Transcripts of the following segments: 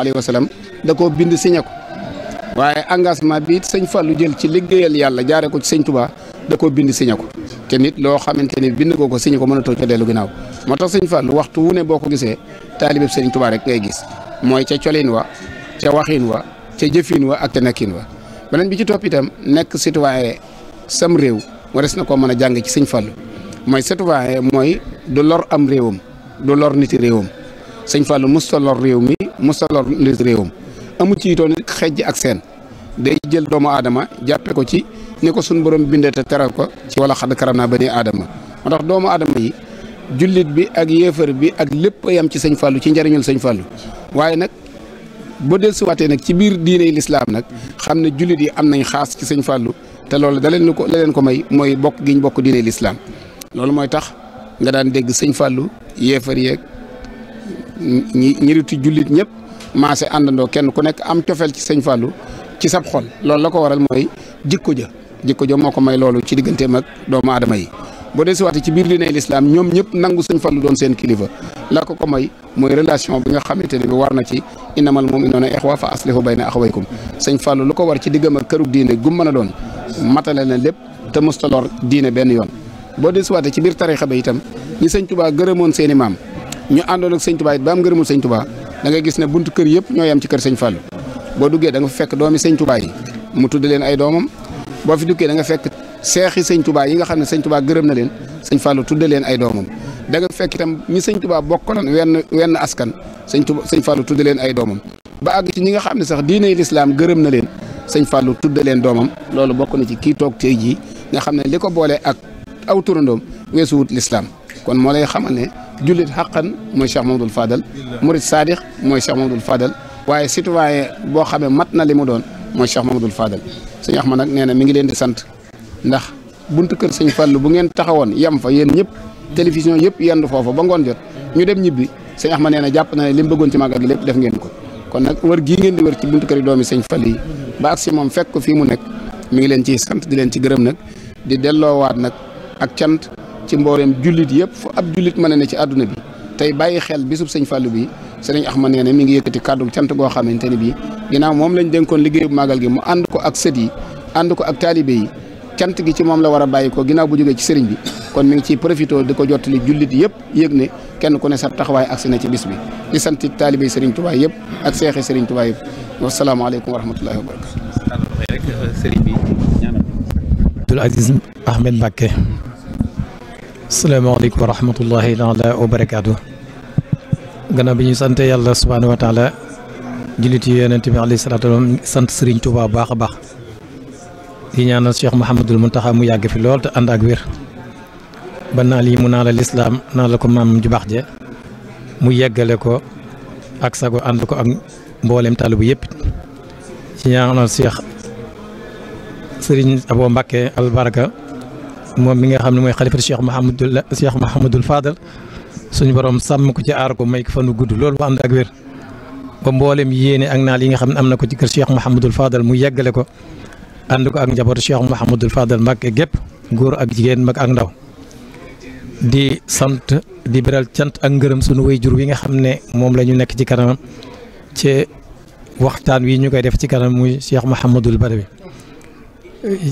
alayhi wa sallam da koo bind signé ko waaye engagement bi it sëñ Fallou jël ci liggéeyal yàlla jaare ko ci sëñ Touba da koo bind signé ko te nit loo xamante ni bind ko ko signé ko mënatoo ca dellu ginnaaw moo tax sëñ Fallou waxtu wu ne boo ko gisee taalibeb sëñ Touba rek ngay gis mooy ca colin wa ca waxin wa ca jëfin wa ak ca nekkin wa beneen bi ci topp itam nekk citoyen sam réew wares na koo mën a jàng ci sëñ Fallou mooy citoyen mooy du lor am réewam du lor niti réewam sëñ Fallou musta lor réew mi mu saloon les réewam amu ci itoon xejj ak seen day jël doomu aadama jàppe ko ci ni ko suñ borom bindee te teral ko ci wala xadd karam naa ba ne aadama moo tax doomu aadama yi jullit bi ak yéefar bi ak lépp yam ci sëñ fàllu ci njariñul sëñ fàllu waaye nag boo dellusiwaatee nag ci biir diine lislaam nag xam ne jullit yi am nañ xaas ci sëñ Fallou te loolu da leen ko laleen ko may mooy bokk gi ñu bokk diine lislaam loolu mooy tax nga daan dégg sëñ Fallou yéefar yeeg ñi ñiritu jullit ñëpp maase àndandoo kenn ku nekk am cofeel ci sëñ Fallou ci sab xol loolu la ko waral mooy jikko ja jikko ja moo ko may loolu ci digganteem ak doomu aadama yi boo dee si ci biir diine lislaam ñoom ñëpp nangu sëñ Fallou doon seen kilifa la ko ko may mooy relation bi nga xamante ne bi war na ci innamal mu'minuuna ixwa fa aslihu bayna axawaykum sëñ Fallou lu ko war ci diggam ak kërug diine gu mën a doon matale na lépp te mustaloor diine benn yoon boo dee waatee ci biir tarixa ba itam ñi sëñ Tuubaa gërëmoon seeni maam ñu àndoon ak sëñ Touba it mu am ngërëmul sëñ Touba gis ne buntu kër yëpp ñoo yem ci kër sëñ Fallou boo duggee danga fekk doomi sëñ Touba yi mu tudd leen ay doomam boo fi duggee da nga fekk seexi sëñ yi nga xam ne sëñ Touba gërëm na leen sëñ Fallou tudd leen ay doomam da nga fekk itam ñi sëñ Touba bokkaloon wenn wenn askan sëñ Touba sëñ Fallou tudd leen ay doomam ba àgg ci ñi nga xam ne sax diiney lislaam gërëm na leen sëñ Fallou tudd leen doomam loolu bokk na ci kii toog tey jii nga xam ne li ko boole ak aw turandoom wut lislaam kon moo lay xamal ne jullit xaqan mooy Cheikh Mamadou Fadal murid saadix mooy Cheikh Mamadou Fadal waaye citoyen boo xamee mat na li mu doon mooy Cheikh Mamadou Fadal sëñ Axma nag nee na mi ngi leen di sant ndax buntu kër sëñ Fallu bu ngeen taxawoon yem fa yéen ñëpp télévision yëpp yendu foofa ba ngoon jot ñu dem ñibbi sëñ Axma nee na jàpp na ne li mu bëggoon ci a gi lépp def ngeen ko kon nag wër gii ngeen di wër ci buntu kër yi doomi sëñ Fall yi ba ak si moom fekk ci mbooreem jullit yëpp fu ab jullit mën a ne ci àdduna bi tey bàyyi xel bisub sëñ Fallou bi sëriñ Axma nee na mi ngi yëkkati kàddu cant goo xamante ne bi ginnaaw moom lañ dénkoon liggéeyu màggal gi mu ànd ko ak sët yi ànd ko ak taalibe yi cant gi ci moom la war a bàyyi ko ginnaaw bu jógee ci sëriñ bi kon mi ngi ciy profité di ko jottali jullit yëpp yëg ne kenn ku ne sa taxawaay ak na ci bis bi di sant taalibe yi sëriñ Tuubaa yëpp ak seexe sëriñ Tuubaa yëpp wasalaamaaleykum wa rahmatullahi wa barakaatu. Abdoul Aziz salaamaaleykum wa rahmatullahi taala wa barakaatu gannaaw bi ñu sant yàlla subhaanahu wa taala julli ci yonent sant Serigne Touba baax a baax di ñaanal Cheikh mu Mountakha mu yàgg fi lool te ànd ak wér ba naal yi mu naa la lislaam naa la ko maam ju baax je mu yeggale ko ak sago ànd ko ak mboolem taalibu yëpp ci ñaanal Cheikh Serigne Abo Mbacke albaraka moom mi nga xam ne mooy xalifatu Cheikh Mahamadul Fadal suñu borom sàmm ko ci aar ko may ko fanu gudd loolu bu ànd ak wér ko mboolem yéene ak naal yi nga xam ne am na ko ci kër Cheikh Mahamadul Fadal mu yeggale ko ànd ko ak njabootu Cheikh Mahamadul Fadal Mbàkke gépp góor ak jigéen mag ak ndaw di sant di beral cant ak ngërëm suñu wayjur wi nga xam ne moom la ñu nekk ci kanam ci waxtaan wi ñu koy def ci kanam muy Cheikh Mahamadul Badawi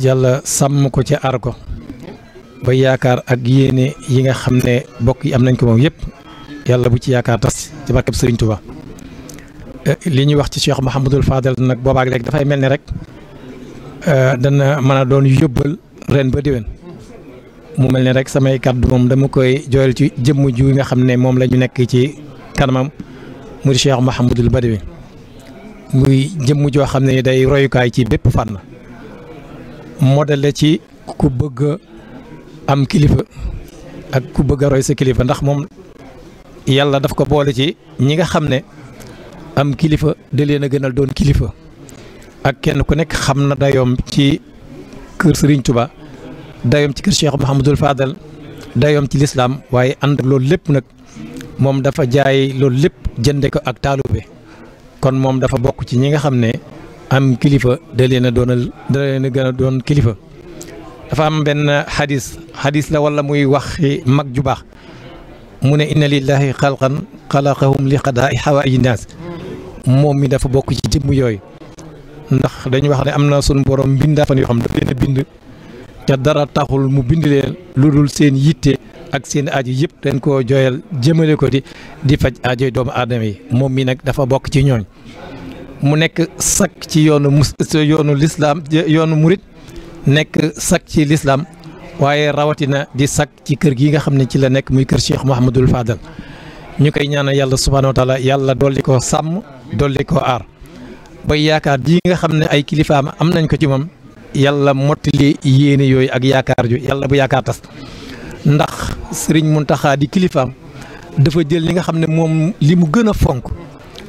yàlla sàmm ko ci aar ko ba yaakaar ak yéene yi nga xam ne bokk yi am nañ ko moom yëpp yàlla bu ci yaakaar tas ci barkeb Sëriñ Tuba eh, li ñuy wax ci Cheikh Mouhamadul Fadel nag boobaag léegi dafay mel ni rek eh, dana mën a doon yóbbal ren ba déwén mu mel ni rek samay kàddu moom dama koy jooyal ci jëmm ju nga xam ne moom la ñu nekk ci kanamam muy Cheikh Mouhamadul Badawi muy jëmm joo xam ne day royukaay ci bépp fànn modèle ci ku bëgg am kilifa ak ku bëgg a sa kilifa ndax moom yàlla daf ko boole ci ñi nga xam ne am kilifa da leen a gënal doon kilifa ak kenn ku nekk xam na dayoom ci kër Serigne Touba dayoom ci kër Cheikh Mouhamadul Fadal dayoom ci lislaam waaye ànd loolu lépp nag moom dafa jaay loolu lépp jënde ko ak taalube kon moom dafa bokk ci ñi nga xam ne am kilifa da leen a doonal da leen a gën a doon kilifa dafa am benn xadis xadiis la wala muy wax mag ju baax mu ne inna lillahi xalqan xalaqahum li qadaa'i xawaaiji naas moom mi dafa bokk ci jëmm yooyu ndax dañuy wax ne am na sunu borom mbindaafan yoo xam daf leen bind te dara taxul mu bind leen lu dul seen yitte ak seen ajo yëpp dañ koo jooyal jëmale ko di di faj ajo doomu aadama yi moom mi nag dafa bokk ci ñooñ mu nekk sakk ci yoonu mus yoonu lislaam yoonu murit nekk sakk ci lislaam waaye rawatina di sakk ci kër gi nga xam ne ci la nekk muy kër Cheikh Mouhamadul Fadal ñu koy ñaanal yàlla subhaanahu wa yàlla dolli ko sàmm dolli ko aar ba yaakaar ji nga xam ne ay kilifaam am nañ ko ci moom yàlla mottali yéene yooyu ak yaakaar ju yàlla bu yaakaar tas ndax sëriñ Muntaxa di kilifaam dafa jël li nga xam ne moom li mu gën a fonk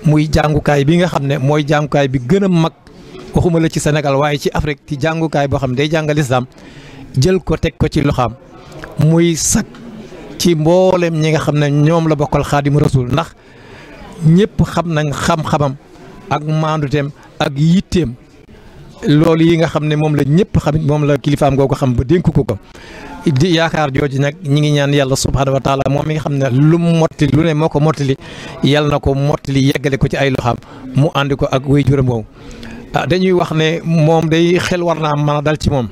muy jàngukaay bi nga xam ne mooy jàngukaay bi gën a mag waxuma la ci senegal waaye ci Afrique ci jàngukaay boo xam day jàngal islam jël ko teg ko ci loxaam muy sag ci mboolem ñi nga xam ne ñoom la bokkal xaadimu rasul ndax ñëpp xam na xam-xamam ak maanduteem ak yitteem loolu yi nga xam ne moom la ñëpp xam moom la kilifaam googu xam ba dénku ko ko di yaakaar jooju nag ñi ngi ñaan yàlla subhaanahu wa taala moom mi nga xam ne lu mu mottali lu ne moo ko mottali yàlla na ko mottali yeggale ko ci ay loxaam mu ànd ko ak wéy juróom Ah, dañuy wax ne moom day xel war naa mën a dal ci moom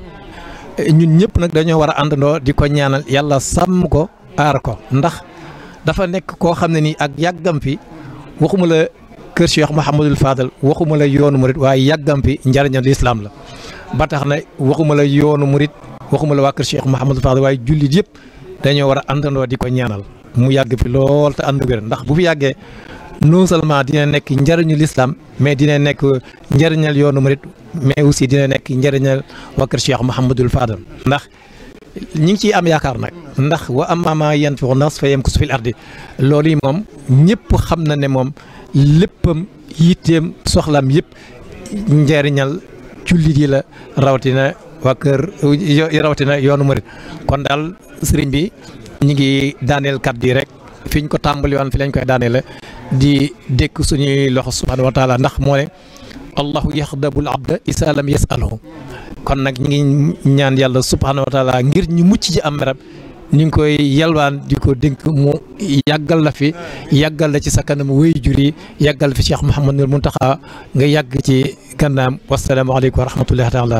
ñun ñëpp nag dañoo war a àndandoo di ko ñaanal yàlla sàmm ko aar ko ndax dafa nekk koo xam ne nii ak yàggamfi fi waxuma la kër Cheikh Mouhamadul Fadal waxuma la yoonu murit waaye yàggam fi njariñal lislaam la ba tax na waxuma la yoonu murit waxuma la waa kër Cheikh Mouhamadul Fadal waaye jullit yëpp dañoo war a àndandoo di ko ñaanal mu yàgg fi lool te ànd wér ndax bu fi yàggee non seulement dina nekk njariñu l'islam mais dina nekk njariñal yoonu murit mais aussi dina nekk njëriñal waa kër Cheikh Mouhamadul Fadal ndax ñi ngi ciy am yaakaar nag ndax wa amma maa yanfa'u nas fa yamkusu fil ardi loolu yi moom ñëpp xam na ne moom léppam yitteem soxlaam yëpp njëriñal jullit yi la rawatina waa rawatina yoonu murit kon daal sëriñ bi ñu ngi daaneel kàddu yi rek. fi ñu ko tàmbali woon fi lañ koy daanee la di dékk suñuy loxo subhaanahu wa ndax moo ne allahu yaxdabul abda isaa lam yasalahu kon nag ñu ngi ñaan yàlla subhaanahu wa taala ngir ñu mucc ci am merab ñu ngi koy yalwaan di ko dénk mu yàggal la fi yàggal la ci sa kanam wéy jur yi yàggal fi Cheikh Mouhamadul Muntaxa nga yàgg ci kannaam wasalaamaaleykum wa rahmatullahi taala